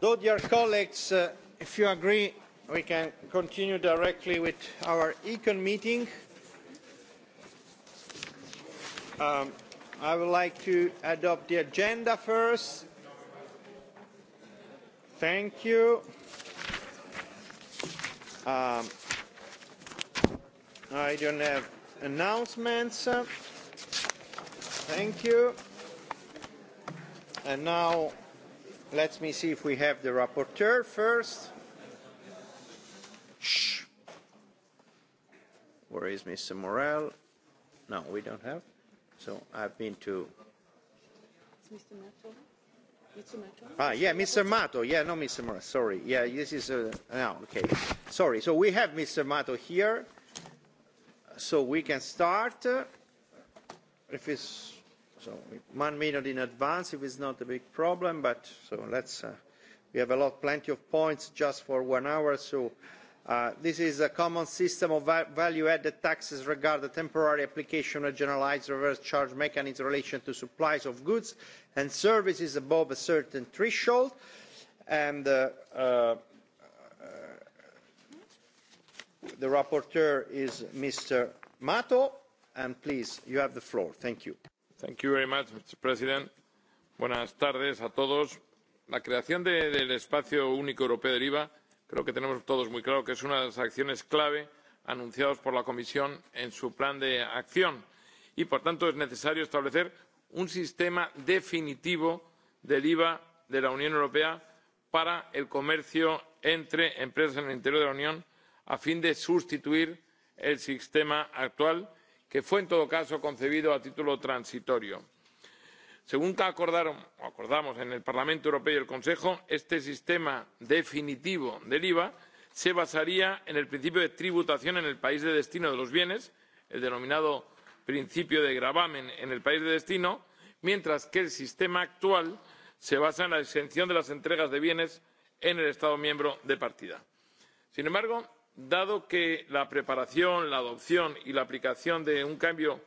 though dear colleagues if you agree we can continue directly with our econ meeting um, i would like to adopt the agenda first thank you um, i don't have announcements thank you and now Let me see if we have the rapporteur first. Shh. Where is Mr. Morel? No, we don't have. So I've been to. Mr. Mato. Mr. Mato. Ah, yeah, Mr. Mato. Yeah, no, Mr. Morel. Sorry. Yeah, this is. Uh, no, okay. Sorry. So we have Mr. Mato here. So we can start. Uh, if it's So one minute in advance, if it's not a big problem, but so let's, uh, we have a lot, plenty of points just for one hour, so uh, this is a common system of va value-added taxes regarding the temporary application of generalized reverse charge mechanism in relation to supplies of goods and services above a certain threshold. And uh, uh, the rapporteur is Mr. Mato, and please, you have the floor. Thank you. Señor Presidente, Buenas tardes a todos. La creación del espacio único europeo del IVA creo que tenemos todos muy claro que es una de las acciones clave anunciadas por la Comisión en su plan de acción y, por tanto, es necesario establecer un sistema definitivo del IVA de la Unión Europea para el comercio entre empresas en el interior de la Unión a fin de sustituir el sistema actual que fue en todo caso concebido a título transitorio. Según acordamos en el Parlamento Europeo y el Consejo, este sistema definitivo del IVA se basaría en el principio de tributación en el país de destino de los bienes, el denominado principio de gravamen en el país de destino, mientras que el sistema actual se basa en la exención de las entregas de bienes en el Estado miembro de partida. Sin embargo, dado que la preparación la adopción y la aplicación de un cambio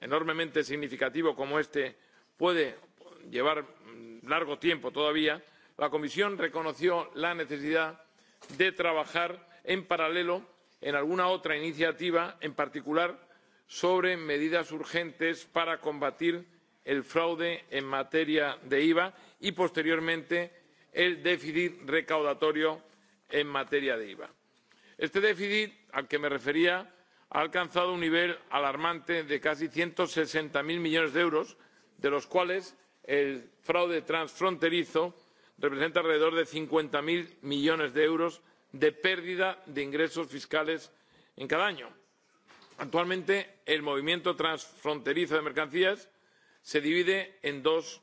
enormemente significativo como este puede llevar largo tiempo todavía la comisión reconoció la necesidad de trabajar en paralelo en alguna otra iniciativa en particular sobre medidas urgentes para combatir el fraude en materia de iva y posteriormente el déficit recaudatorio en materia de iva este déficit al que me refería ha alcanzado un nivel alarmante de casi ciento sesenta cero millones de euros de los cuales el fraude transfronterizo representa alrededor de cincuenta cero millones de euros de pérdida de ingresos fiscales en cada año. actualmente el movimiento transfronterizo de mercancías se divide en dos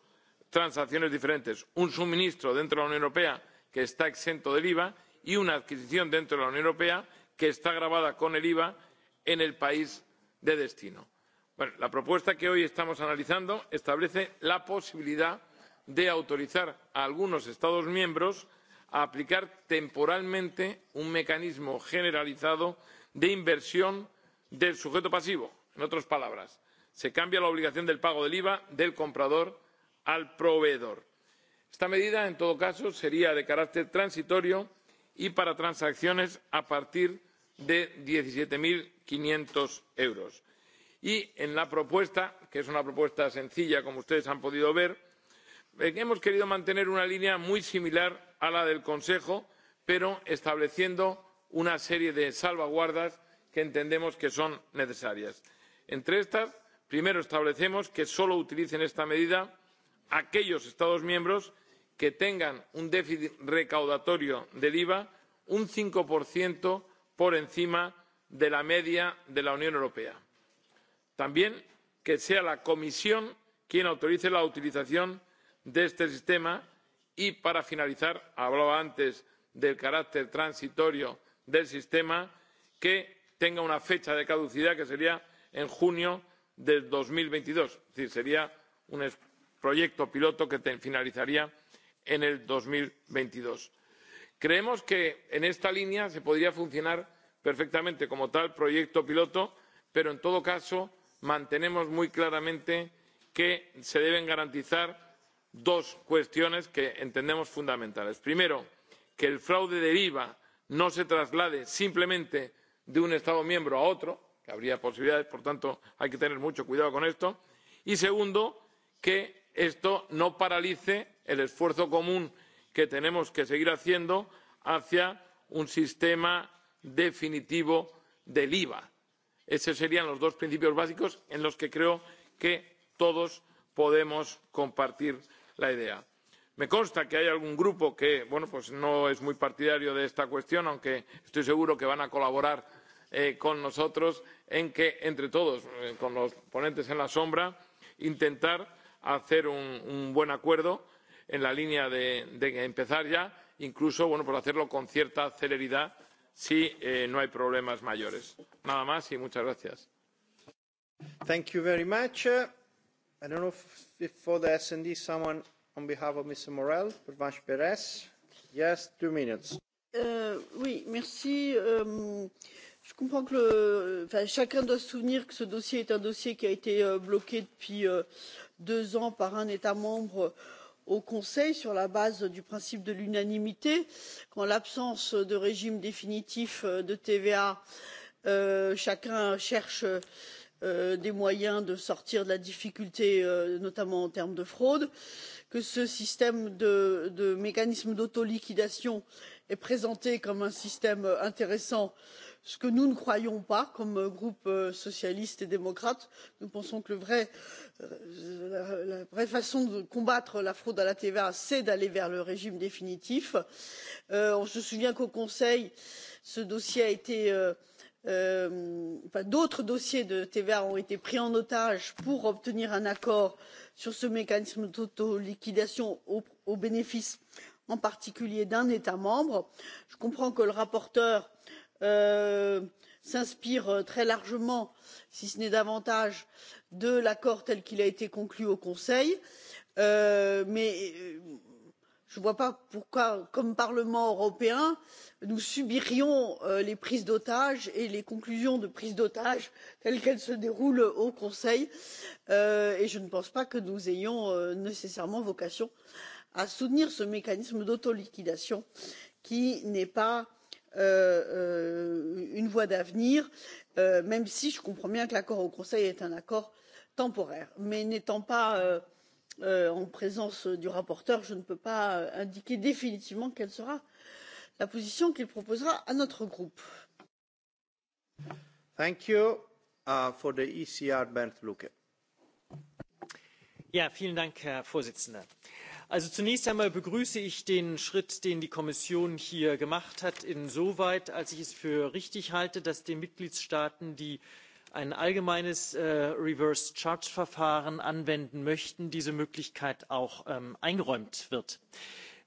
transacciones diferentes un suministro dentro de la unión europea que está exento del iva y una adquisición dentro de la unión europea que está gravada con el iva en el país de destino. la propuesta que hoy estamos analizando establece la posibilidad de autorizar a algunos estados miembros a aplicar temporalmente un mecanismo generalizado de inversión del sujeto pasivo. en otras palabras se cambia la obligación del pago del iva del comprador al proveedor. esta medida en todo caso sería de carácter transitorio y para transacciones a partir de diecisiete quinientos euros. y en la propuesta que es una propuesta sencilla como ustedes han podido ver hemos querido mantener una línea muy similar a la del consejo pero estableciendo una serie de salvaguardas que entendemos que son necesarias. entre estas primero establecemos que solo utilicen esta medida aquellos estados miembros que tengan un déficit recaudatorio del iva un cinco por encima de la media de la unión europea. también que sea la comisión quien autorice la utilización de este sistema y para finalizar hablaba antes del carácter transitorio del sistema que tenga una fecha de caducidad que sería en junio de dos mil veintidós es decir sería un proyecto piloto que finalizaría en dos mil veintidós creemos que en esta línea se podría funcionar perfectamente como tal proyecto piloto pero en todo caso mantenemos muy claramente que se deben garantizar dos cuestiones que entendemos fundamentales primero que el fraude del iva no se traslade simplemente de un estado miembro a otro que habría posibilidades por tanto hay que tener mucho cuidado con esto y segundo que esto no paralice el esfuerzo común que tenemos que seguir haciendo hacia un sistema definitivo del iva. esos serían los dos principios básicos en los que creo que todos podemos compartir la idea. me consta que hay algún grupo que no es muy partidario de esta cuestión aunque estoy seguro de que van a colaborar con nosotros en que entre todos con los ponentes alternativos intentar hacer un buen acuerdo en la línea de, de empezar ya, incluso bueno, por hacerlo con cierta celeridad si eh, no hay problemas mayores. Nada más y muchas gracias. Thank you very much. I don't know if, if for the S&D someone on behalf of Mr. Morel, Pervanche Perez. Yes, two minutes. Euh, oui, merci. Euh, je comprends que le, enfin, chacun doit se souvenir que ce dossier est un dossier qui a été euh, bloqué depuis euh, deux ans par un État membre euh, au conseil sur la base du principe de l'unanimité qu'en l'absence de régime définitif de tva chacun cherche des moyens de sortir de la difficulté notamment en termes de fraude que ce système de mécanisme d'autoliquidation est présenté comme un système intéressant ce que nous ne croyons pas comme groupe socialiste et démocrate nous pensons que la vraie façon de combattre la fraude à la tva c'est d'aller vers le régime définitif. on se souvient qu'au conseil d'autres dossiers de tva ont été pris en otage pour obtenir un accord sur ce mécanisme d'autoliquidation au bénéfice en particulier d'un état membre. je comprends que le rapporteur s'inspire très largement si ce n'est davantage de l'accord tel qu'il a été conclu au conseil mais je ne vois pas pourquoi comme parlement européen nous subirions les prises d'otages et les conclusions de prises d'otages telles qu'elles se déroulent au conseil et je ne pense pas que nous ayons nécessairement vocation à soutenir ce mécanisme d'autoliquidation qui n'est pas une voie d'avenir même si je comprends bien que l'accord au conseil est un accord temporaire. mais n'étant pas en présence du rapporteur je ne peux pas indiquer définitivement quelle sera la position qu'il proposera à notre groupe. herr präsident! Also zunächst einmal begrüße ich den Schritt, den die Kommission hier gemacht hat, insoweit, als ich es für richtig halte, dass den Mitgliedstaaten, die ein allgemeines Reverse Charge Verfahren anwenden möchten, diese Möglichkeit auch eingeräumt wird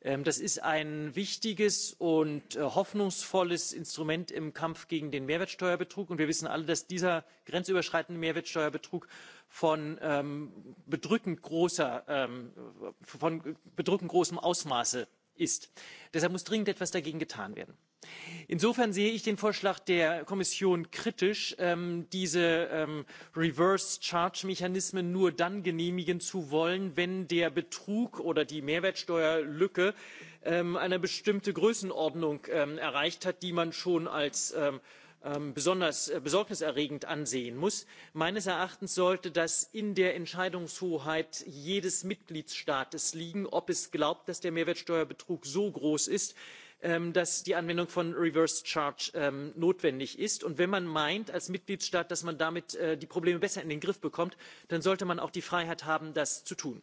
das ist ein wichtiges und hoffnungsvolles instrument im kampf gegen den mehrwertsteuerbetrug und wir wissen alle dass dieser grenzüberschreitende mehrwertsteuerbetrug von bedrückend großem ausmaß ist. deshalb muss dringend etwas dagegen getan werden. Insofern sehe ich den Vorschlag der Kommission kritisch, diese Reverse-Charge-Mechanismen nur dann genehmigen zu wollen, wenn der Betrug oder die Mehrwertsteuerlücke eine bestimmte Größenordnung erreicht hat, die man schon als besonders besorgniserregend ansehen muss. Meines Erachtens sollte das in der Entscheidungshoheit jedes Mitgliedstaates liegen, ob es glaubt, dass der Mehrwertsteuerbetrug so groß ist, dass die anwendung von reverse charge notwendig ist. und wenn man meint als mitgliedstaat dass man damit die probleme besser in den griff bekommt dann sollte man auch die freiheit haben das zu tun.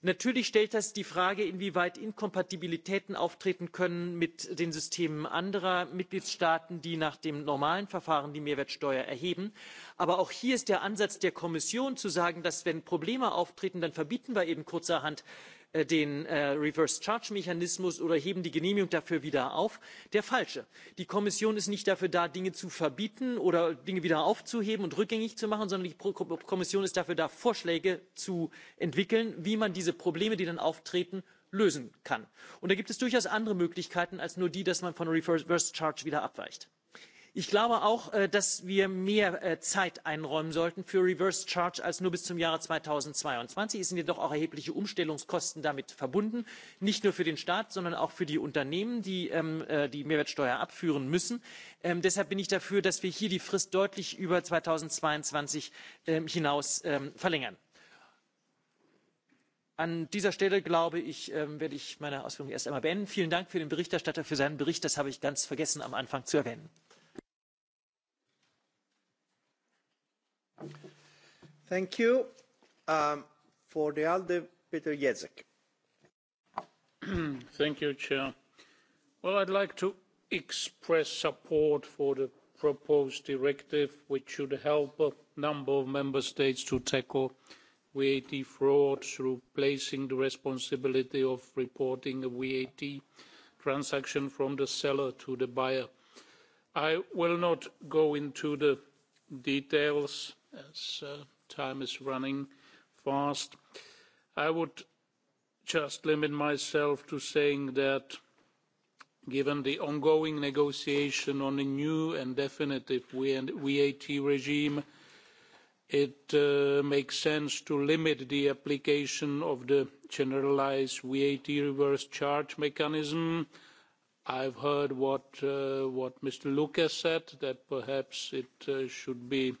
natürlich stellt das die frage inwieweit inkompatibilitäten auftreten können mit den systemen anderer mitgliedstaaten die nach dem normalen verfahren die mehrwertsteuer erheben. aber auch hier ist der ansatz der kommission zu sagen dass wenn probleme auftreten dann verbieten wir eben kurzerhand den reverse charge mechanismus oder heben die genehmigung dafür wieder auf der falsche. die kommission ist nicht dafür da dinge zu verbieten oder dinge wieder aufzuheben und rückgängig zu machen sondern die kommission ist dafür da vorschläge zu entwickeln wie man diese probleme die dann auftreten lösen kann. und da gibt es durchaus andere möglichkeiten als nur die dass man von reverse charge wieder abweicht ich glaube auch dass wir mehr zeit einräumen sollten für reverse charge als nur bis zum jahre. zweitausendzweiundzwanzig es sind jedoch auch erhebliche umstellungskosten damit verbunden nicht nur für den staat sondern auch für die unternehmen die die mehrwertsteuer abführen müssen. deshalb bin ich dafür dass wir hier die frist deutlich über zweitausendzweiundzwanzig hinaus verlängern. an dieser stelle glaube ich werde ich meine ausführungen erst einmal beenden. vielen dank an den berichterstatter für seinen bericht das habe ich ganz vergessen am anfang zu erwähnen. Well, I'd like to express support for the proposed directive, which should help a number of member states to tackle VAT fraud through placing the responsibility of reporting a VAT transaction from the seller to the buyer. I will not go into the details as time is running fast. I would just limit myself to saying that given the ongoing negotiation on a new and definitive VAT regime, it makes sense to limit the application of the generalised VAT reverse charge mechanism. I've heard what Mr. Lucas said, that perhaps it should be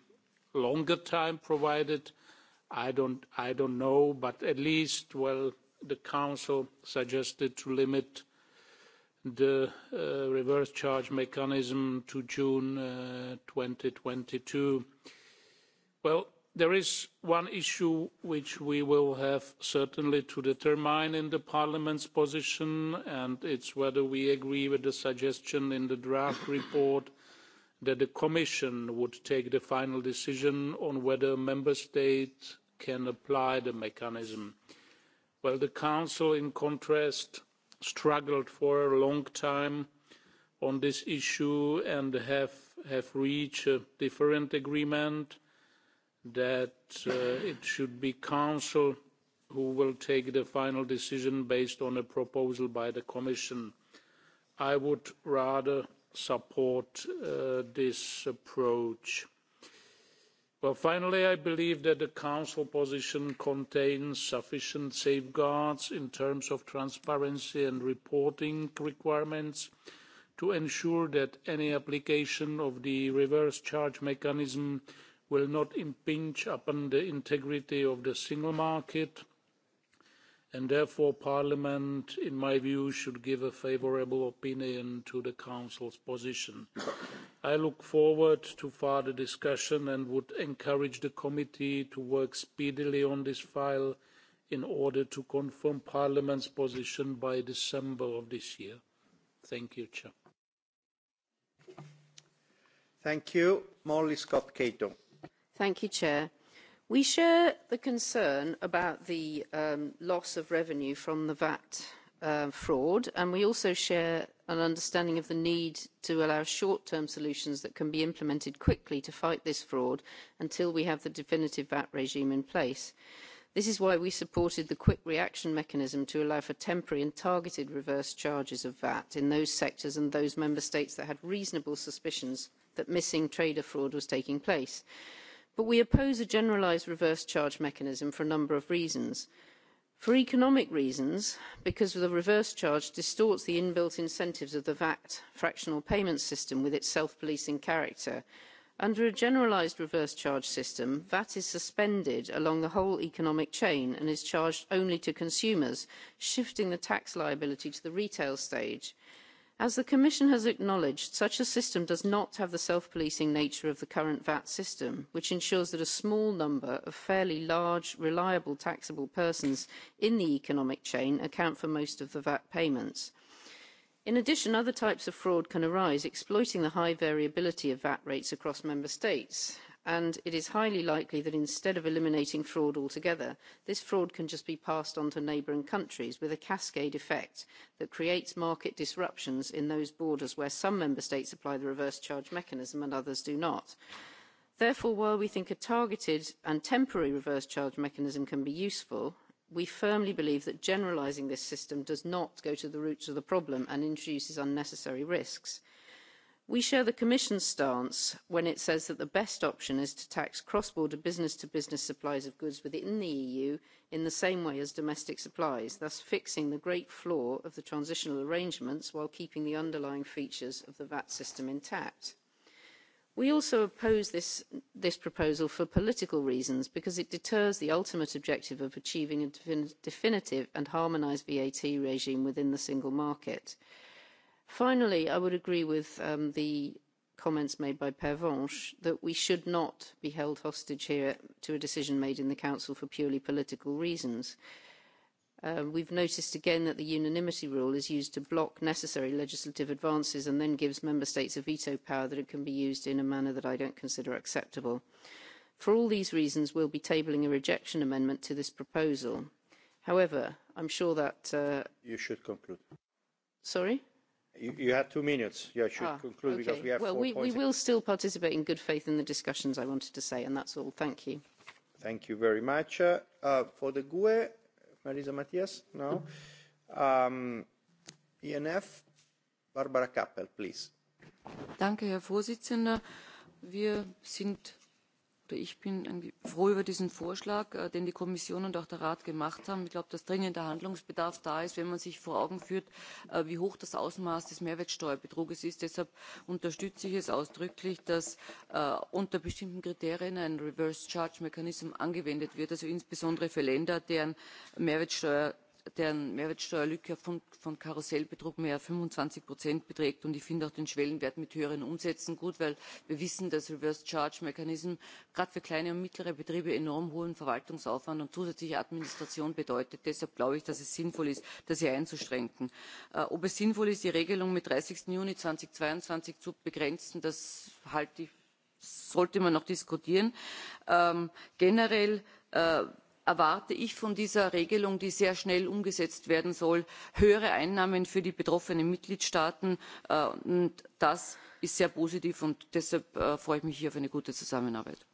longer time provided. I don't, I don't know, but at least, well, the Council suggested to limit the uh, reverse charge mechanism to June uh, 2022. Well, there is one issue which we will have certainly to determine in the Parliament's position, and it's whether we agree with the suggestion in the draft report that the Commission would take the final decision on whether a member state can apply the mechanism. Well, the Council, in contrast, struggled for a long time on this issue and have, have reached a different agreement that it should be Council who will take the final decision based on a proposal by the Commission. I would rather support this approach. finally, I believe that the Council position contains sufficient safeguards in terms of transparency and reporting requirements to ensure that any application of the reverse charge mechanism will not impinge upon the integrity of the single market and therefore parliament in my view should give a favourable opinion to the council's position. i look forward to further discussion and would encourage the committee to work speedily on this file in order to confirm parliament's position by december of this year. thank you. thank you. molly scott cato. thank you, chair We share the concern about the loss of revenue from the VAT fraud, and we also share an understanding of the need to allow short-term solutions that can be implemented quickly to fight this fraud until we have the definitive VAT regime in place. This is why we supported the quick reaction mechanism to allow for temporary and targeted reverse charges of VAT in those sectors and those member states that had reasonable suspicions that missing trader fraud was taking place but we oppose a generalised reverse charge mechanism for a number of reasons. For economic reasons, because the reverse charge distorts the inbuilt incentives of the VAT fractional payment system with its self-policing character. Under a generalised reverse charge system, VAT is suspended along the whole economic chain and is charged only to consumers, shifting the tax liability to the retail stage As the Commission has acknowledged, such a system does not have the self-policing nature of the current VAT system, which ensures that a small number of fairly large, reliable taxable persons in the economic chain account for most of the VAT payments. In addition, other types of fraud can arise, exploiting the high variability of VAT rates across member states and it is highly likely that instead of eliminating fraud altogether, this fraud can just be passed on to neighbouring countries with a cascade effect that creates market disruptions in those borders where some member states apply the reverse charge mechanism and others do not. Therefore, while we think a targeted and temporary reverse charge mechanism can be useful, we firmly believe that generalising this system does not go to the roots of the problem and introduces unnecessary risks we share the commission's stance when it says that the best option is to tax cross border business to business supplies of goods within the eu in the same way as domestic supplies thus fixing the great flaw of the transitional arrangements while keeping the underlying features of the vat system intact. we also oppose this proposal for political reasons because it deters the ultimate objective of achieving a definitive and harmonised vat regime within the single market. Finally, I would agree with the comments made by Pervenche that we should not be held hostage here to a decision made in the Council for purely political reasons. Um, we've noticed again that the unanimity rule is used to block necessary legislative advances and then gives member states a veto power that it can be used in a manner that I don't consider acceptable. For all these reasons, we'll be tabling a rejection amendment to this proposal. However, I'm sure that... Uh, you should conclude. Sorry? You, you had two minutes. You should ah, conclude okay. because we have well, four we, points. we will still participate in good faith in the discussions. I wanted to say, and that's all. Thank you. Thank you very much. Uh, for the GUE, Marisa Matthias, no. Um, ENF, Barbara Kappel, please. Danke, Herr Vorsitzender. Wir sind Ich bin froh über diesen Vorschlag, den die Kommission und auch der Rat gemacht haben. Ich glaube, dass dringender Handlungsbedarf da ist, wenn man sich vor Augen führt, wie hoch das Ausmaß des Mehrwertsteuerbetruges ist. Deshalb unterstütze ich es ausdrücklich, dass unter bestimmten Kriterien ein Reverse Charge Mechanism angewendet wird, also insbesondere für Länder, deren Mehrwertsteuer deren Mehrwertsteuerlücke von Karussellbetrug mehr als fünfundzwanzig Prozent beträgt. Und ich finde auch den Schwellenwert mit höheren Umsätzen gut, weil wir wissen, dass Reverse Charge Mechanism gerade für kleine und mittlere Betriebe enorm hohen Verwaltungsaufwand und zusätzliche Administration bedeutet. Deshalb glaube ich, dass es sinnvoll ist, das hier einzuschränken. Ob es sinnvoll ist, die Regelung mit dreißig. Juni zweitausendzweiundzwanzig zu begrenzen, das halte ich sollte man noch diskutieren. generell erwarte ich von dieser regelung die sehr schnell umgesetzt werden soll höhere einnahmen für die betroffenen mitgliedstaaten und das ist sehr positiv und deshalb freue ich mich hier auf eine gute zusammenarbeit.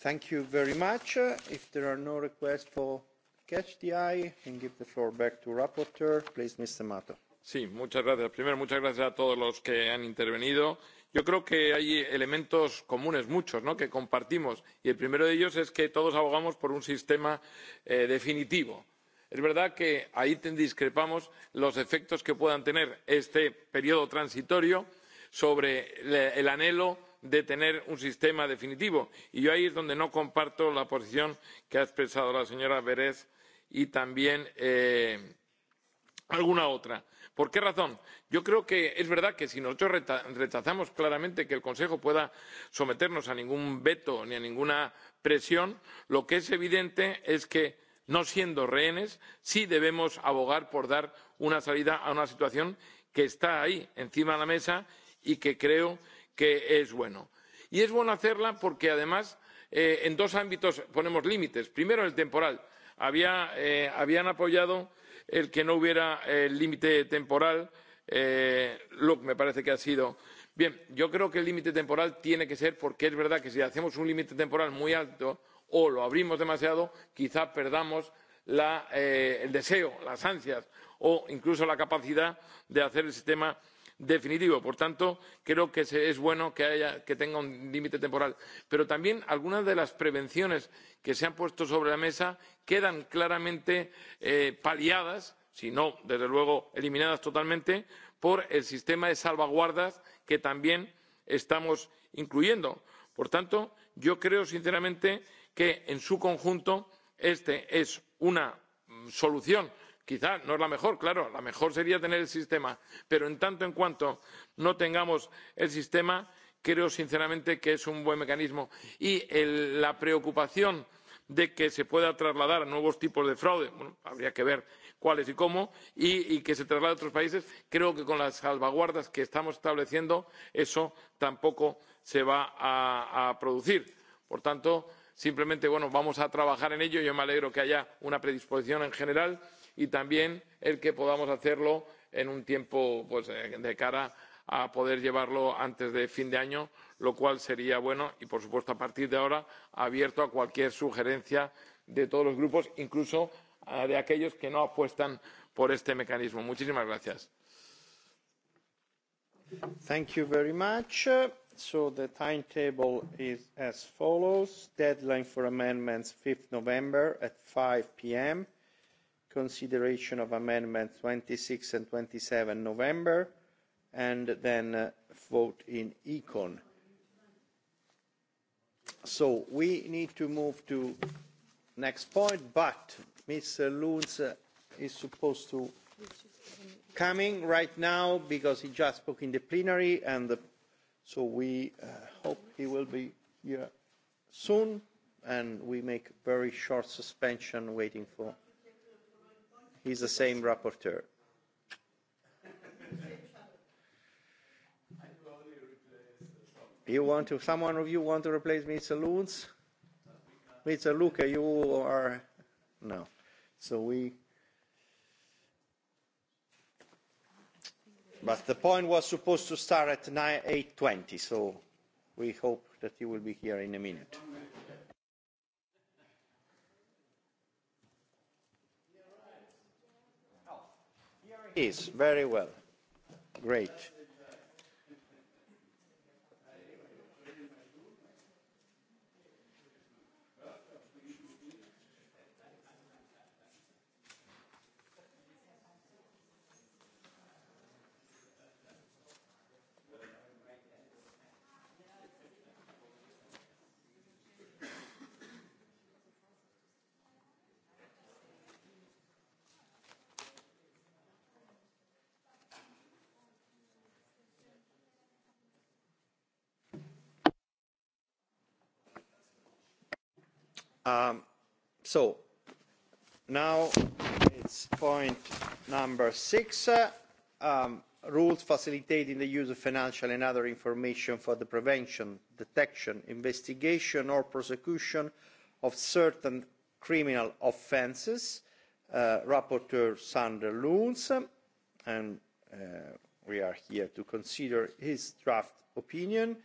Thank you very much. If there are no requests for catch the eye, and give the floor back to rapporteur, please, Mr. Mato. Sí, muchas gracias. Primero, muchas gracias a todos los que han intervenido yo creo que hay elementos comunes muchos que compartimos y el primero de ellos es que todos abogamos por un sistema definitivo. es verdad que ahí discrepamos en los efectos que pueda tener este periodo transitorio sobre el anhelo de tener un sistema definitivo y yo ahí es donde no comparto la posición que ha expresado la señora bers y también alguna otra por qué razón? yo creo que es verdad que si nosotros rechazamos claramente que el consejo pueda someternos a ningún veto ni a ninguna presión lo que es evidente es que no siendo rehenes sí debemos abogar por dar una salida a una situación que está ahí encima de la mesa y que creo que es bueno. y es bueno hacerla porque además en dos ámbitos ponemos límites primero el temporal habían apoyado el que no hubiera límite temporal. que me parece que ha sido. Bien, yo creo que el límite temporal tiene que ser porque es verdad que si hacemos un límite temporal muy alto o lo abrimos demasiado, quizá perdamos el deseo, las ansias o incluso la capacidad de hacer el sistema definitivo. Por tanto, creo que es bueno que, haya, que tenga un límite temporal. Pero también algunas de las prevenciones que se han puesto sobre la mesa quedan claramente eh, paliadas, si no, desde luego, eliminadas totalmente, por el sistema de salvaguardas que también estamos incluyendo. Por tanto, yo creo sinceramente que en su conjunto esta es una solución Quizá no es la mejor, claro, la mejor sería tener el sistema, pero en tanto en cuanto no tengamos el sistema, creo sinceramente que es un buen mecanismo. Y el, la preocupación de que se pueda trasladar a nuevos tipos de fraude, bueno, habría que ver cuáles y cómo, y, y que se traslade a otros países, creo que con las salvaguardas que estamos estableciendo, eso tampoco se va a, a producir. Por tanto, simplemente, bueno, vamos a trabajar en ello. Yo me alegro que haya una predisposición en general y también el que podamos hacerlo en un tiempo pues, de cara a poder llevarlo antes de fin de año, lo cual sería bueno y, por supuesto, a partir de ahora abierto a cualquier sugerencia de todos los grupos, incluso de aquellos que no apuestan por este mecanismo. Muchísimas gracias. Thank you very much. So the timetable is as follows. Deadline for amendments 5th November at 5 p.m consideration of amendments 26 and 27 November, and then uh, vote in Econ. So we need to move to next point, but Ms. Lunz is supposed to coming right now because he just spoke in the plenary, and the, so we uh, hope he will be here soon, and we make very short suspension waiting for He's the same rapporteur. You want to? Someone of you want to replace Mr. Lunds? Mr. Luca, you are no. So we. But the point was supposed to start at 8.20, so we hope that you will be here in a minute. is very well great. Um, so now it's point number six. um, rules facilitating the use of financial and other information for the prevention, detection, investigation or prosecution of certain criminal offences. Uh, Rapporteur Sander Loons, and uh, we are here to consider his draft opinion.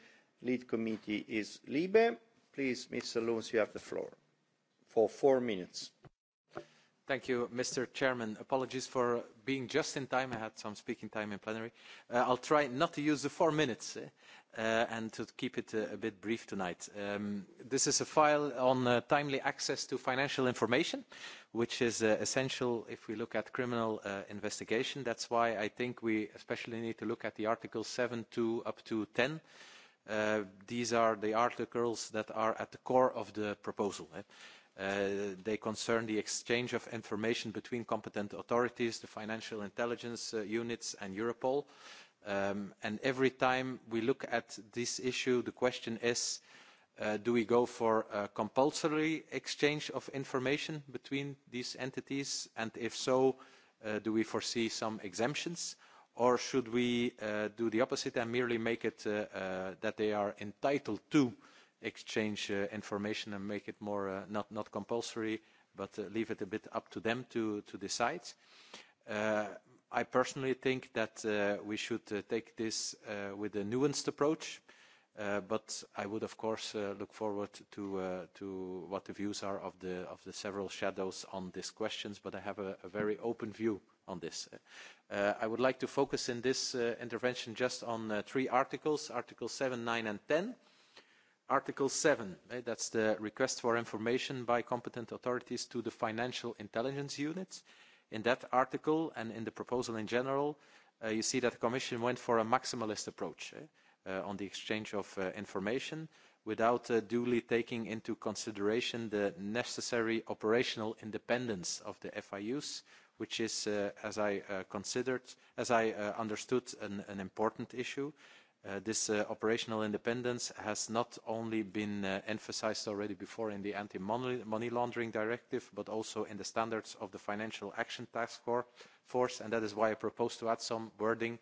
Lead committee is LIBE. Please, Mr. Loons, you have the floor. Thank you, Mr. Chairman. Apologies for being just in time. I had some speaking time in plenary. I'll try not to use the four minutes and to keep it a, bit brief tonight. this is a file on timely access to financial information, which is essential if we look at criminal uh, investigation. That's why I think we especially need to look at the Articles seven, to up to ten. these are the articles that are at the core of the proposal they concern the exchange of information between competent authorities, the financial intelligence units, and Europol. and every time we look at this issue, the question is, do we go for a compulsory exchange of information between these entities? And if so, do we foresee some exemptions? Or should we do the opposite and merely make it that they are entitled to uh, exchange uh, information and make it more uh, not, not compulsory, but uh, leave it a bit up to them to, to decide. Uh, I personally think that uh, we should uh, take this uh, with a nuanced approach, uh, but I would, of course, uh, look forward to, uh, to what the views are of the, of the several shadows on these questions, but I have a, a very open view on this. Uh, I would like to focus in this uh, intervention just on uh, three articles, Articles 7, 9, and 10 Article seven, that's the request for information by competent authorities to the Financial Intelligence units. In that article and in the proposal in general, you see that the Commission went for a maximalist approach on the exchange of information without duly taking into consideration the necessary operational independence of the FIUs, which is, as I understood, an important issue this operational independence has not only been emphasised already before in the anti-money laundering directive, but also in the standards of the Financial Action Task Force, and that is why I propose to add some wording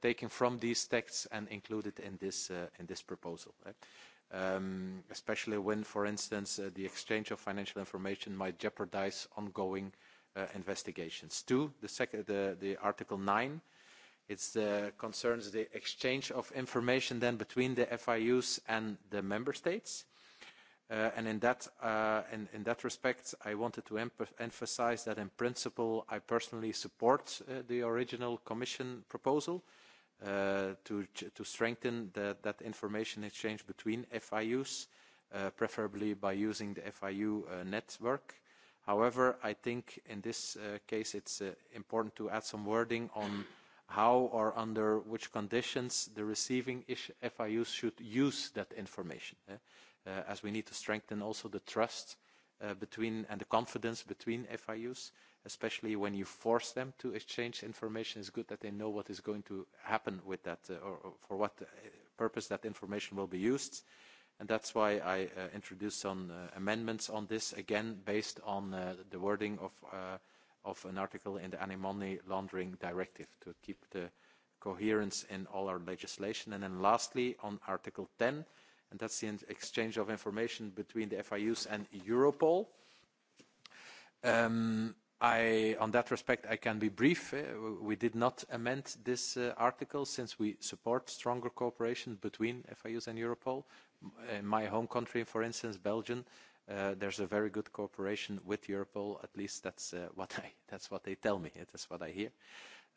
taken from these texts and included in this proposal. Especially when, for instance, the exchange of financial information might jeopardise ongoing investigations. Two, the Article nine It's the concerns the exchange of information then between the FIUs and the member states. Uh and in that, uh in in that respect, I wanted to emphasize that in principle, I personally support uh the original Commission proposal uh to, to strengthen the that information exchange between FIUs, uh preferably by using the FIU uh network. However, I think in this uh case, it's uh important to add some wording on how or under which conditions the receiving FIUs should use that information, as we need to strengthen also the trust uh between and the confidence between FIUs, especially when you force them to exchange information. It's good that they know what is going to happen with that or for what purpose that information will be used. And that's why I uh introduced some uh amendments on this, again, based on uh the wording of uh of an article in the anti-money laundering directive to keep the coherence in all our legislation. And then lastly, on Article 10, and that's the exchange of information between the FIUs and Europol. Um, I, on that respect, I can be brief. We did not amend this uh, article since we support stronger cooperation between FIUs and Europol. In my home country, for instance, Belgium, uh, there's a very good cooperation with Europol. At least that's uh, what I that's what they tell me. That's what I hear.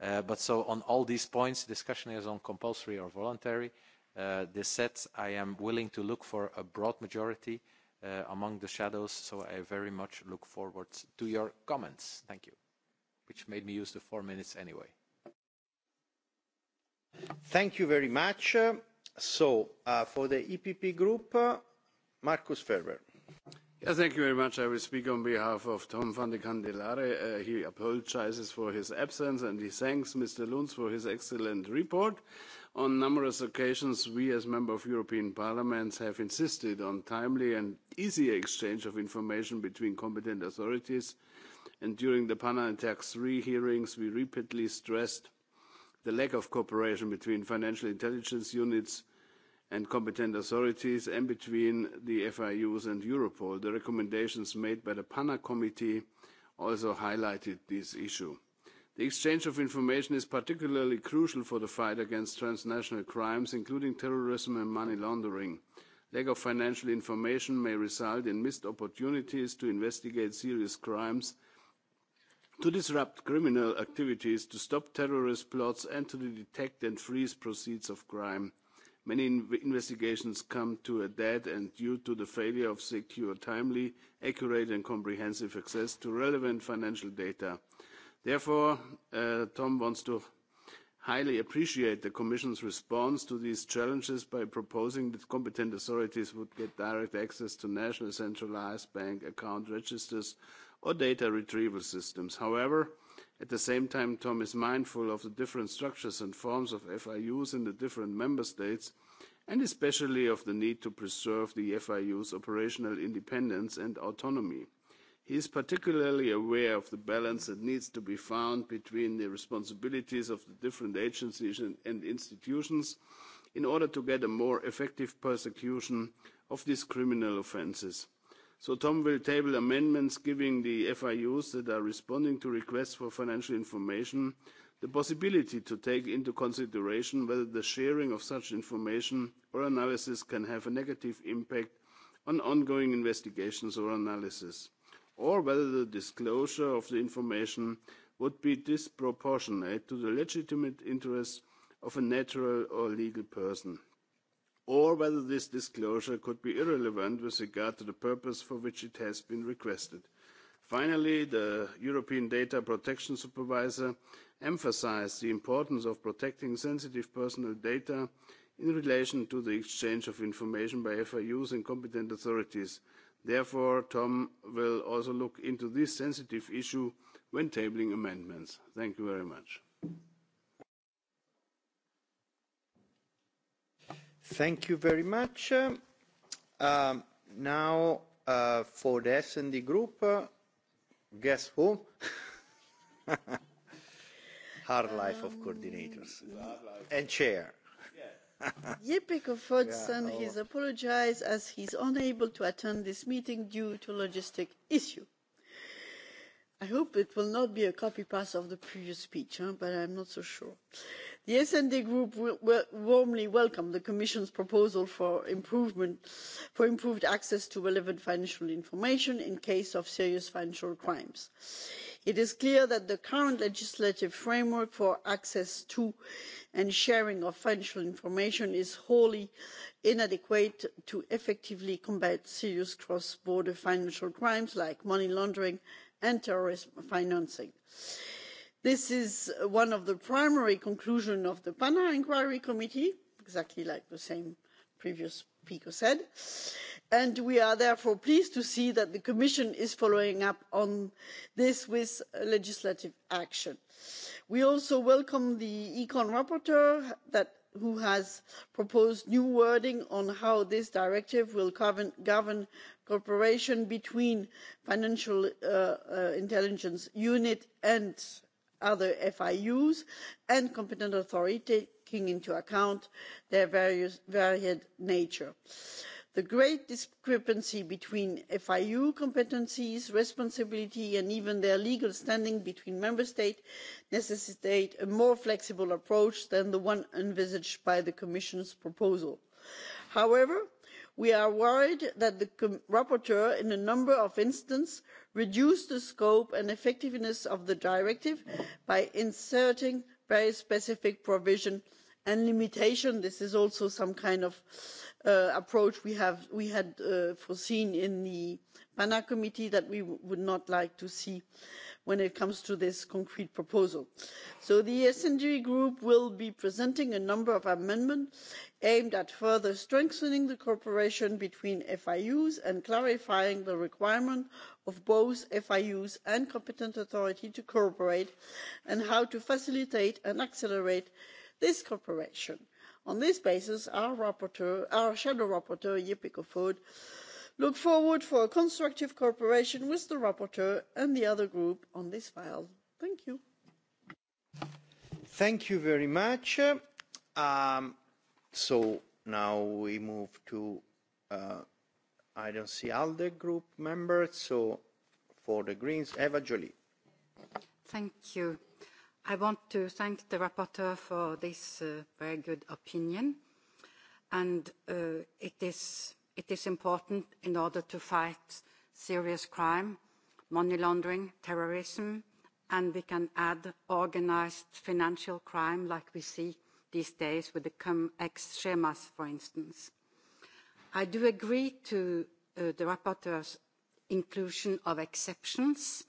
Uh, but so on all these points, discussion is on compulsory or voluntary. Uh, this set, I am willing to look for a broad majority uh, among the shadows. So I very much look forward to your comments. Thank you, which made me use the four minutes anyway. Thank you very much. So uh, for the EPP group, uh, Markus Ferber Thank you very much. I will speak on behalf of Tom van de Candelare. He apologizes for his absence, and he thanks Mr. Luns for his excellent report. On numerous occasions, we as Member of European Parliament have insisted on timely and easy exchange of information between competent authorities, and during the Panama and Tax 3 hearings, we repeatedly stressed the lack of cooperation between financial intelligence units – and competent authorities and between the FIUs and Europol. The recommendations made by the PANA committee also highlighted this issue. The exchange of information is particularly crucial for the fight against transnational crimes, including terrorism and money laundering. Lack of financial information may result in missed opportunities to investigate serious crimes, to disrupt criminal activities, to stop terrorist plots, and to detect and freeze proceeds of crime – Many investigations come to a dead end due to the failure of secure, timely, accurate and comprehensive access to relevant financial data. Therefore, Tom wants to highly appreciate the Commission's response to these challenges by proposing that competent authorities would get direct access to national centralised bank account registers or data retrieval systems. However, At the same time, Tom is mindful of the different structures and forms of FIUs in the different member states, and especially of the need to preserve the FIU's operational independence and autonomy. He is particularly aware of the balance that needs to be found between the responsibilities of the different agencies and institutions in order to get a more effective persecution of these criminal offences So Tom will table amendments giving the FIUs that are responding to requests for financial information the possibility to take into consideration whether the sharing of such information or analysis can have a negative impact on ongoing investigations or analysis, or whether the disclosure of the information would be disproportionate to the legitimate interests of a natural or legal person or whether this disclosure could be irrelevant with regard to the purpose for which it has been requested. Finally, the European Data Protection Supervisor emphasised the importance of protecting sensitive personal data in relation to the exchange of information by FIUs and competent authorities. Therefore, Tom will also look into this sensitive issue when tabling amendments. Thank you very much. Thank you very much. Um, now, uh, for the S&D Group, uh, guess who? Hard life of coordinators and chair. Jeppe Kofodson yeah, has apologized as he's unable to attend this meeting due to logistic issue. I hope it will not be a copy paste of the previous speech, huh? but I'm not so sure the sd group warmly welcomes the commission's proposal for improved access to relevant financial information in case of serious financial crimes. it is clear that the current legislative framework for access to and sharing of financial information is wholly inadequate to effectively combat serious cross border financial crimes like money laundering and terrorist financing this is one of the primary conclusions of the pana inquiry committee exactly like the same previous speaker said and we are therefore pleased to see that the commission is following up on this with legislative action. we also welcome the econ rapporteur who has proposed new wording on how this directive will govern cooperation between financial intelligence unit and other fius and competent authority taking into account their varied nature. the great discrepancy between fiu competencies responsibility and even their legal standing between member states necessitates a more flexible approach than the one envisaged by the commission's proposal. however we are worried that the rapporteur in a number of instances reduced the scope and effectiveness of the directive by inserting very specific provisions and limitations. this is also some kind of approach we had foreseen in the pana committee that we would not like to see when it comes to this concrete proposal. So the S&D group will be presenting a number of amendments aimed at further strengthening the cooperation between FIUs and clarifying the requirement of both FIUs and competent authority to cooperate and how to facilitate and accelerate this cooperation. On this basis, our, rapporteur, our shadow rapporteur, Yippee Kofod, look forward to constructive cooperation with the rapporteur and the other group on this file. thank you. thank you very much. so now we move to i don't see alde group members so for the greens eva joly. thank you. i want to thank the rapporteur for this uh, very good opinion and uh, it is It is important in order to fight serious crime, money laundering, terrorism, and we can add organised financial crime like we see these days with the ex schemas, for instance. I do agree to the rapporteur's inclusion of exceptions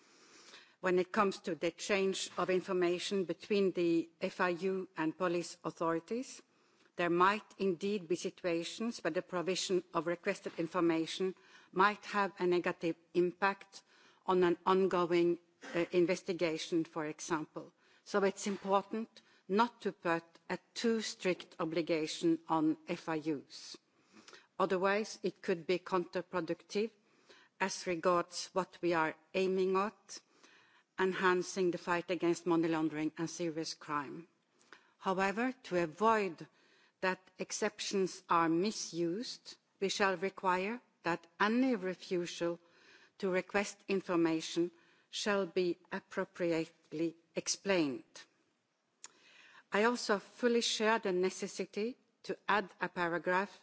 when it comes to the exchange of information between the FIU and police authorities there might indeed be situations where the provision of requested information might have a negative impact on an ongoing investigation, for example. So it's important not to put a too strict obligation on FIUs. Otherwise, it could be counterproductive as regards what we are aiming at, enhancing the fight against money laundering and serious crime. However, to avoid that exceptions are misused, we shall require that any refusal to request information shall be appropriately explained. I also fully share the necessity to add a paragraph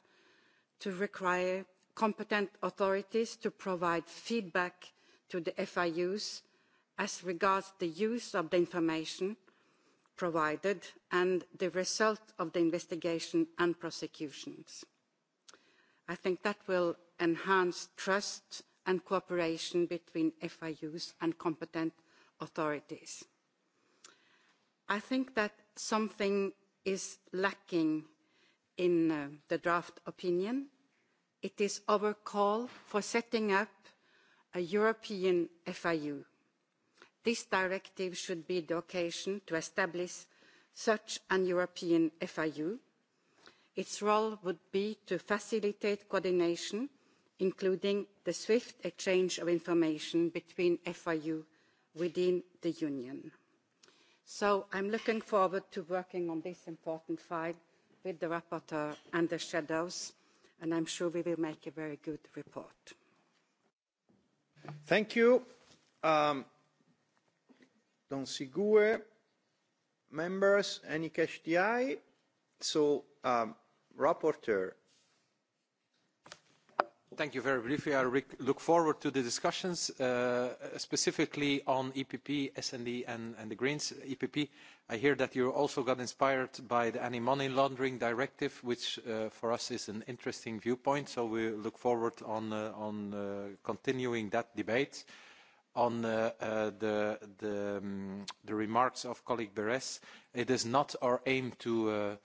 to require competent authorities to provide feedback to the FIUs as regards the use of the information provided and the result of the investigation and prosecutions. I think that will enhance trust and cooperation between FIUs and competent authorities. I think that something is lacking in the draft opinion. It is our call for setting up a European FIU this directive should be the occasion to establish such an european fiu. its role would be to facilitate coordination including the swift exchange of information between fiu within the union. so i'm looking forward to working on this important file with the rapporteur and the shadows and i'm sure we will make a very good report. thank you. Don't see GUE members. Any cash DI? So, um, rapporteur. Thank you very briefly. I look forward to the discussions, uh, specifically on EPP, S&D, and, and the Greens. EPP, I hear that you also got inspired by the anti-money laundering directive, which uh, for us is an interesting viewpoint. So we look forward on, uh, on uh, continuing that debate. Uh, on the remarks of colleague Beres, it is not our aim to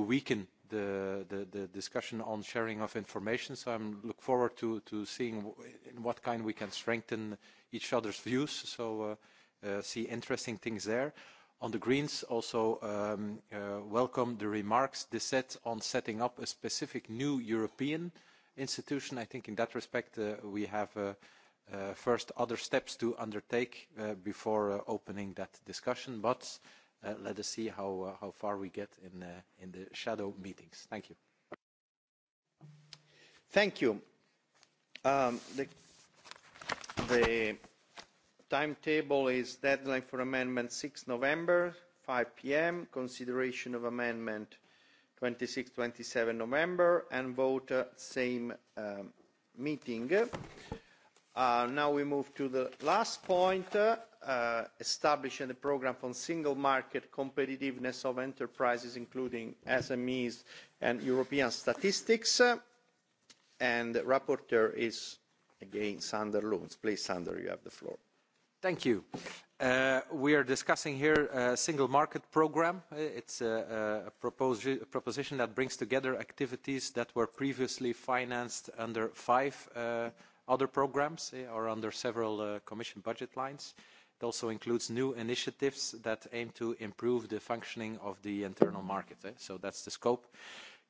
weaken the discussion on sharing of information. So I look forward to seeing in what kind we can strengthen each other's views. So see interesting things there. On the Greens, also welcome the remarks they set on setting up a specific new European institution. I think in that respect, we have first other steps to undertake before opening that discussion. But let us see how how far we get in the shadow meetings. Thank you. Thank you. The timetable is deadline for amendment 6 November, 5 P.M., consideration of amendment 26, 27 November, and vote uh same um meeting. Uh, now we move to the last point, uh, establishing the program for single market competitiveness of enterprises, including SMEs and European statistics. And the rapporteur is, again, Sander Lunz. Please, Sander, you have the floor. Thank you. we are discussing here a single market program. It's a, a, proposition that brings together activities that were previously financed under five uh, Other programs are under several commission budget lines. It also includes new initiatives that aim to improve the functioning of the internal market. So that's the scope.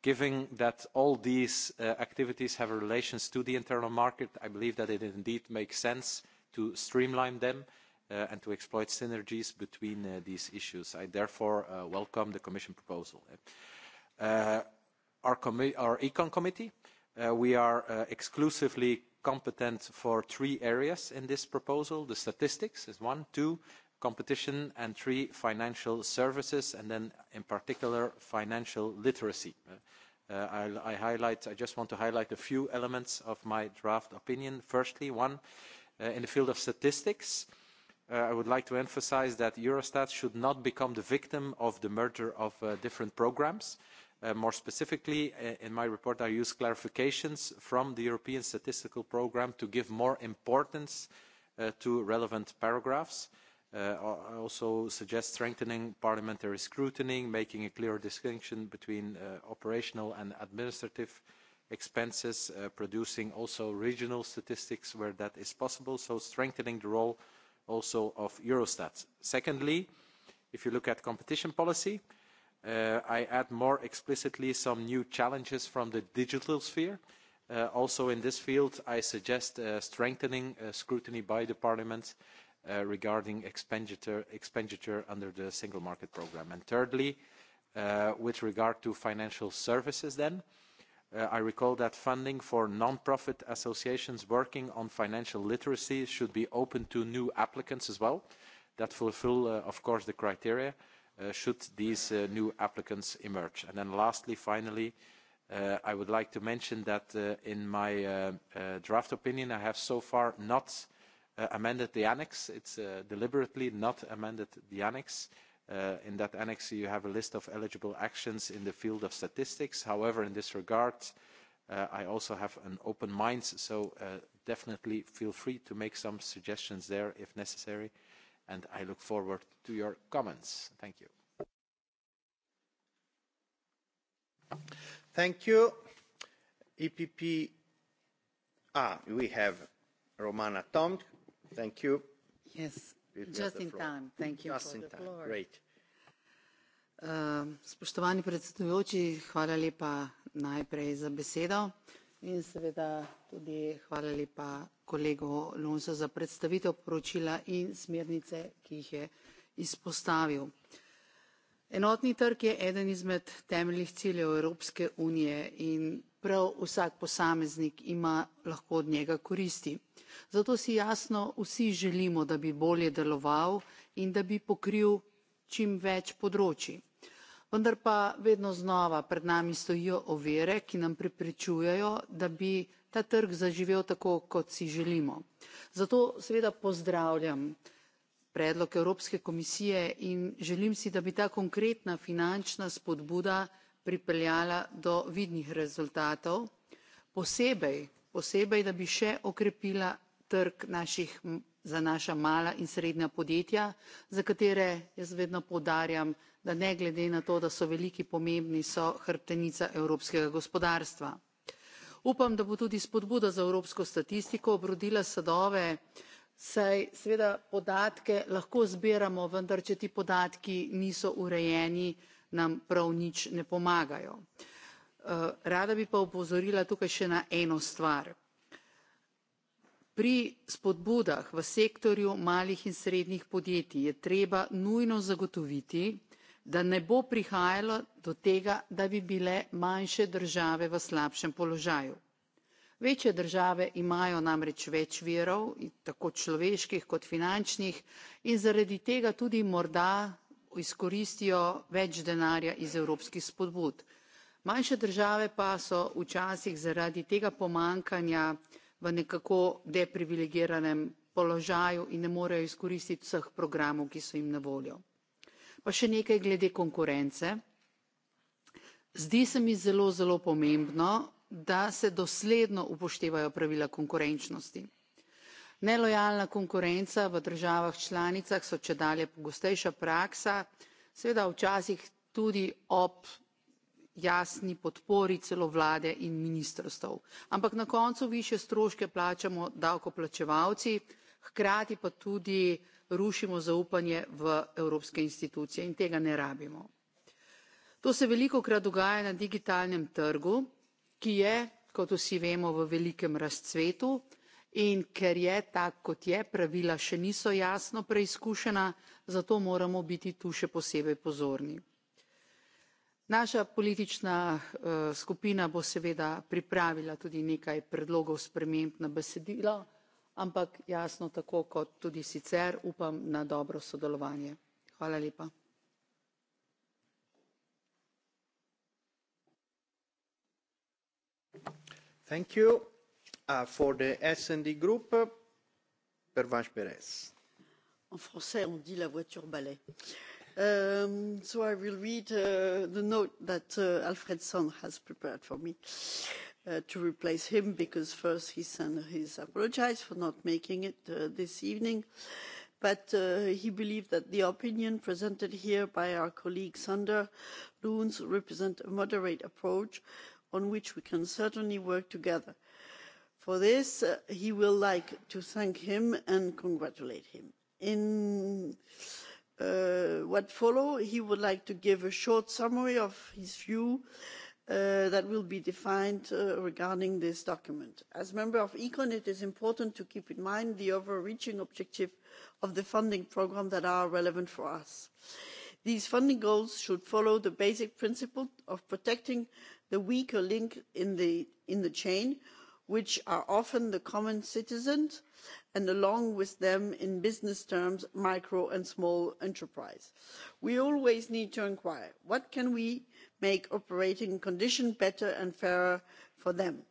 Given that all these activities have relations to the internal market, I believe that it indeed makes sense to streamline them and to exploit synergies between these issues. I therefore welcome the Commission proposal. Our Econ Committee, we are exclusively competent for three areas in this proposal. The statistics is one, two, competition, and three, financial services, and then in particular, financial literacy. I highlight I just want to highlight a few elements of my draft opinion. Firstly, one, in the field of statistics, I would like to emphasize that Eurostat should not become the victim of the merger of different programs more specifically, in my report, I use clarifications from the European Statistical Programme to give more importance to relevant paragraphs. I also suggest strengthening parliamentary scrutiny, making a clear distinction between operational and administrative expenses, producing also regional statistics where that is possible, so strengthening the role also of Eurostat. Secondly, if you look at competition policy, I add more explicitly some new challenges from the digital sphere. Also in this field, I suggest strengthening scrutiny by the parliament regarding expenditure under the Single Market Programme. And thirdly, with regard to financial services then, I recall that funding for non-profit associations working on financial literacy should be open to new applicants as well that fulfill, of course, the criteria should these new applicants emerge. And then lastly, finally, I would like to mention that in my draft opinion, I have so far not amended the annex. It's deliberately not amended the annex. In that annex, you have a list of eligible actions in the field of statistics. However, in this regard, I also have an open mind, so definitely feel free to make some suggestions there if necessary. Uh, and I look forward to your comments. Thank you. Thank you. EPP. Ah, we have Romana Tomt. Thank you. Yes, just in time. Thank you. Just in time. Great. Spoštovani predsedujoči, hvala lepa najprej za besedo in seveda tudi hvala lepa kolegu Lonsu za predstavitev poročila in smernice, ki jih je izpostavil. Enotni trg je eden izmed temeljnih ciljev Evropske unije in prav vsak posameznik ima lahko od njega koristi. Zato si jasno vsi želimo, da bi bolje deloval in da bi pokril čim več področji vendar pa vedno znova pred nami stojijo ovire, ki nam preprečujejo, da bi ta trg zaživel tako, kot si želimo. Zato seveda pozdravljam predlog Evropske komisije in želim si, da bi ta konkretna finančna spodbuda pripeljala do vidnih rezultatov, posebej, posebej, da bi še okrepila trg naših za naša mala in srednja podjetja, za katere jaz vedno poudarjam, da ne glede na to, da so veliki pomembni, so hrbtenica evropskega gospodarstva. Upam, da bo tudi spodbuda za evropsko statistiko obrodila sadove, saj seveda podatke lahko zbiramo, vendar če ti podatki niso urejeni, nam prav nič ne pomagajo. Rada bi pa opozorila tukaj še na eno stvar. Pri spodbudah v sektorju malih in srednjih podjetij je treba nujno zagotoviti, da ne bo prihajalo do tega, da bi bile manjše države v slabšem položaju. Večje države imajo namreč več virov, tako človeških kot finančnih, in zaradi tega tudi morda izkoristijo več denarja iz evropskih spodbud. Manjše države pa so včasih zaradi tega pomankanja v nekako deprivilegiranem položaju in ne morejo izkoristiti vseh programov, ki so jim na voljo. Pa še nekaj glede konkurence. Zdi se mi zelo, zelo pomembno, da se dosledno upoštevajo pravila konkurenčnosti. Nelojalna konkurenca v državah članicah so čedalje pogostejša praksa, seveda včasih tudi ob jasni podpori celo vlade in ministrstev. Ampak na koncu višje stroške plačamo davkoplačevalci, hkrati pa tudi rušimo zaupanje v evropske institucije in tega ne rabimo. To se velikokrat dogaja na digitalnem trgu, ki je, kot vsi vemo, v velikem razcvetu in ker je tak, kot je, pravila še niso jasno preizkušena, zato moramo biti tu še posebej pozorni. Naša politična skupina bo seveda pripravila tudi nekaj predlogov sprememb na besedilo, ampak jasno tako kot tudi sicer upam na dobro sodelovanje. Hvala lepa. Thank you. Uh, for the S&D group, Perez. En français, on dit la voiture balai. Um, so I will read uh, the note that uh, Alfredson has prepared for me. Uh, to replace him because first he sent his apologies for not making it uh, this evening. But uh, he believed that the opinion presented here by our colleague Sander Loons represent a moderate approach on which we can certainly work together. For this, uh, he will like to thank him and congratulate him. In uh, what follow, he would like to give a short summary of his view uh, that will be defined regarding this document. As a member of ECON, it is important to keep in mind the overreaching objective of the funding programme that are relevant for us. These funding goals should follow the basic principle of protecting the weaker link in the, in the chain, which are often the common citizens and along with them in business terms micro and small enterprises. we always need to inquire what can we make operating conditions better and fairer for them?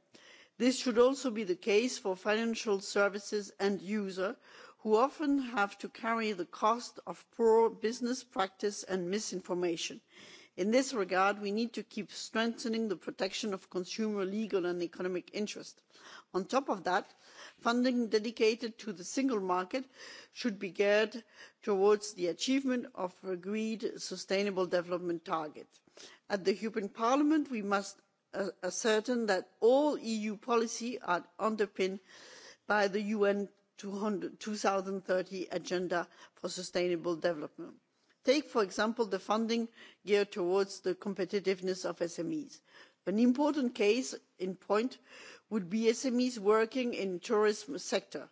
this should also be the case for financial services end users who often have to carry the cost of poor business practice and misinformation in this regard we need to keep strengthening the protection of consumer legal and economic interests. on top of that funding dedicated to the single market should be geared towards the achievement of agreed sustainable development targets. at the european parliament we must ascertain that all eu policies are underpinned by the un two thousand and thirty agenda for sustainable development take for example the funding geared towards the competitiveness of smes. an important case in point would be smes working in the tourism sector.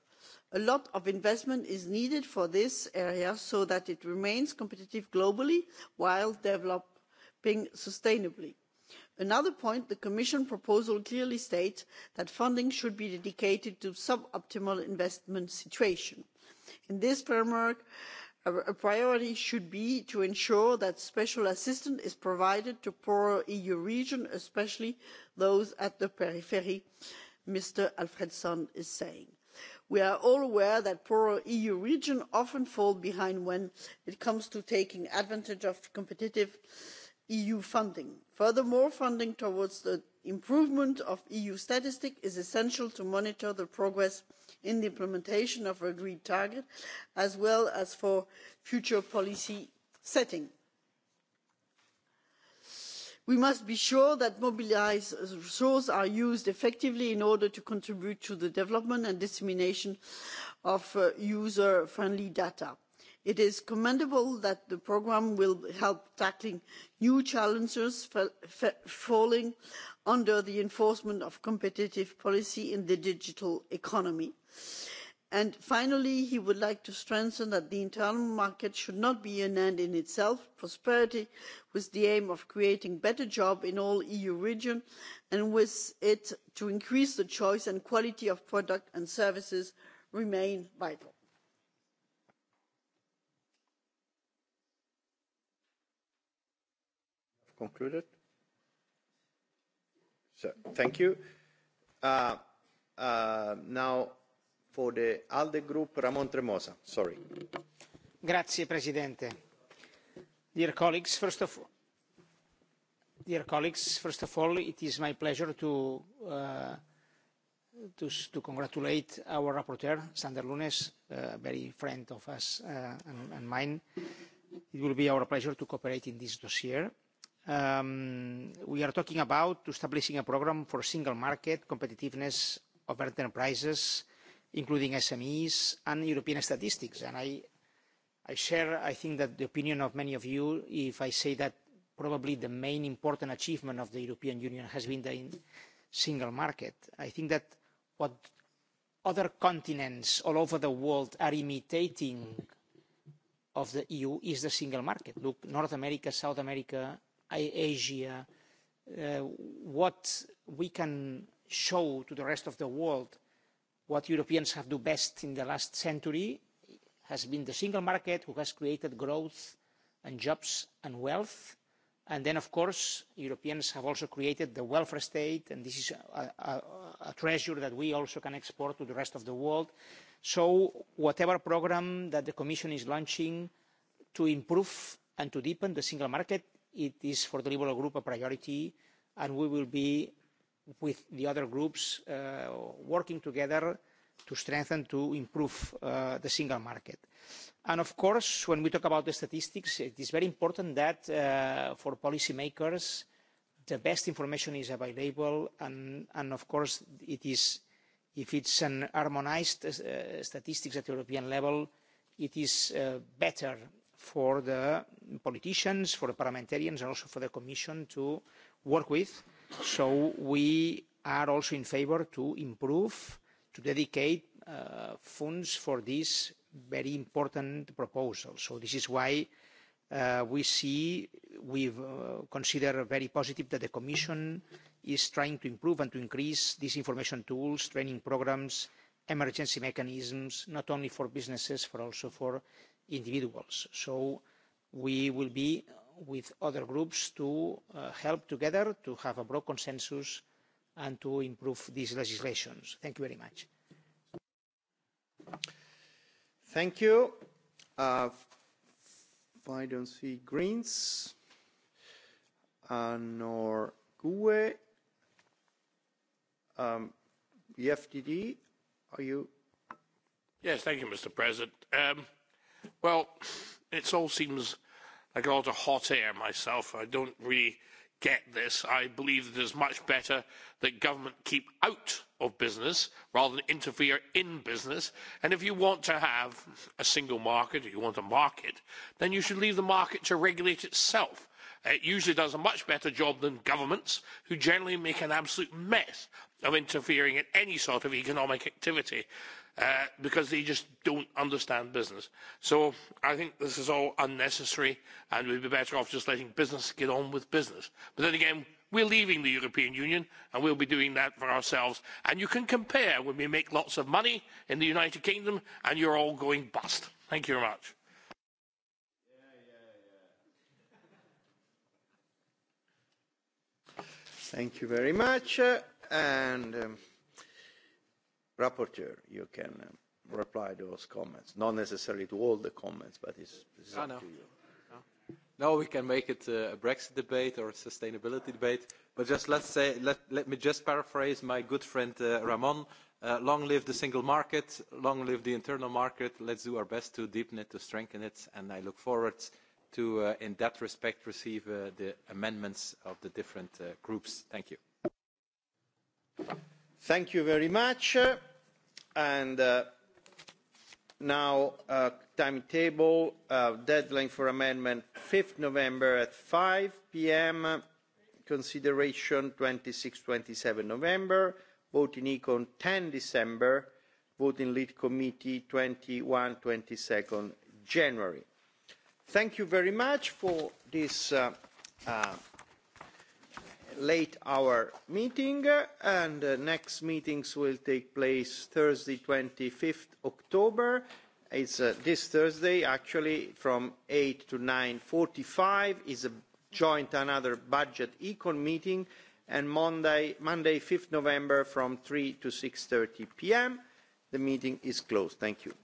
a lot of investment is needed for this area so that it remains competitive globally while developing sustainably. another point the commission proposal clearly states that funding should be dedicated to sub optimal investment situations. in this framework a priority should be to ensure that special assistance is provided to poorer eu regions especially those at the periphery mr alfredsson is saying. we are all aware that poorer eu regions often fall behind when it comes to taking advantage of competitive eu funding. furthermore funding towards the improvement of eu statistics is essential to monitor the progress in the implementation of agreed targets as well as for future policy setting. we must be sure that mobilised resources are used effectively in order to contribute to the development and dissemination of user friendly data it is commendable that the programme will help tackle new challenges falling under the enforcement of competitive policy in the digital economy. finally he would like to strengthen that the internal market should not be an end in itself prosperity with the aim of creating better jobs in all eu regions and with it to increase the choice and quality of products and services remain vital. concluded? So, thank you. Uh, uh, now, for the ALDE group, Ramon Tremosa, sorry. Grazie, Presidente. Dear colleagues, first of all, Dear colleagues, first of all, it is my pleasure to, uh, to, to congratulate our rapporteur, Sander Lunes, a very friend of us uh, and, and mine. It will be our pleasure to cooperate in this dossier um, we are talking about establishing a program for single market competitiveness of enterprises, including SMEs and European statistics. And I, I share, I think, that the opinion of many of you if I say that probably the main important achievement of the European Union has been the single market. I think that what other continents all over the world are imitating of the EU is the single market. Look, North America, South America, Asia, what we can show to the rest of the world, what Europeans have done best in the last century, has been the single market who has created growth and jobs and wealth. And then, of course, Europeans have also created the welfare state, and this is a, a a treasure that we also can export to the rest of the world. So whatever programme that the Commission is launching to improve and to deepen the single market it is for the liberal group a priority and we will be with the other groups working together to strengthen to improve the single market. and of course when we talk about the statistics it is very important that for policymakers the best information is available and of course it is if it's an harmonised statistics at european level it is better for the politicians, for the parliamentarians, and also for the Commission to work with. So we are also in favour to improve, to dedicate uh, funds for this very important proposal. So this is why uh, we see, we uh, consider very positive that the Commission is trying to improve and to increase these information tools, training programmes, emergency mechanisms, not only for businesses, but also for individuals. So we will be with other groups to uh, help together to have a broad consensus and to improve these legislations. Thank you very much. Thank you. Uh, I don't see Greens uh, nor GUE. Um, EFDD, are you? Yes, thank you, Mr. President. Um, Well, it all seems like a lot of hot air myself. I don't really get this. I believe that it is much better that government keep out of business rather than interfere in business. And if you want to have a single market, or you want a market, then you should leave the market to regulate itself. It usually does a much better job than governments, who generally make an absolute mess of interfering in any sort of economic activity because they just don't understand business. So I think this is all unnecessary and we'd be better off just letting business get on with business. But then again, we're leaving the European Union and we'll be doing that for ourselves. And you can compare when we make lots of money in the United Kingdom and you're all going bust. Thank you very much. Thank you very much. And... Um rapporteur, you can uh reply to those comments. Not necessarily to all the comments, but it's, it's up to you. No, we can make it a Brexit debate or a sustainability debate, but just let's say, let, let me just paraphrase my good friend uh, Ramon. Uh, long live the single market, long live the internal market. Let's do our best to deepen it, to strengthen it, and I look forward to, uh, in that respect, receive uh, the amendments of the different uh, groups. Thank you. Thank you very much and now uh, timetable uh, deadline for amendment 5th November at 5 p.m. consideration 26-27 November vote in econ 10 December vote in lead committee 21-22 January. Thank you very much for this uh, uh, late hour meeting and the next meetings will take place Thursday twenty th October. It's uh, this Thursday actually from eight to nine forty five is a joint another budget econ meeting and Monday, Monday 5 November from three to six thirty p.m. The meeting is closed. Thank you.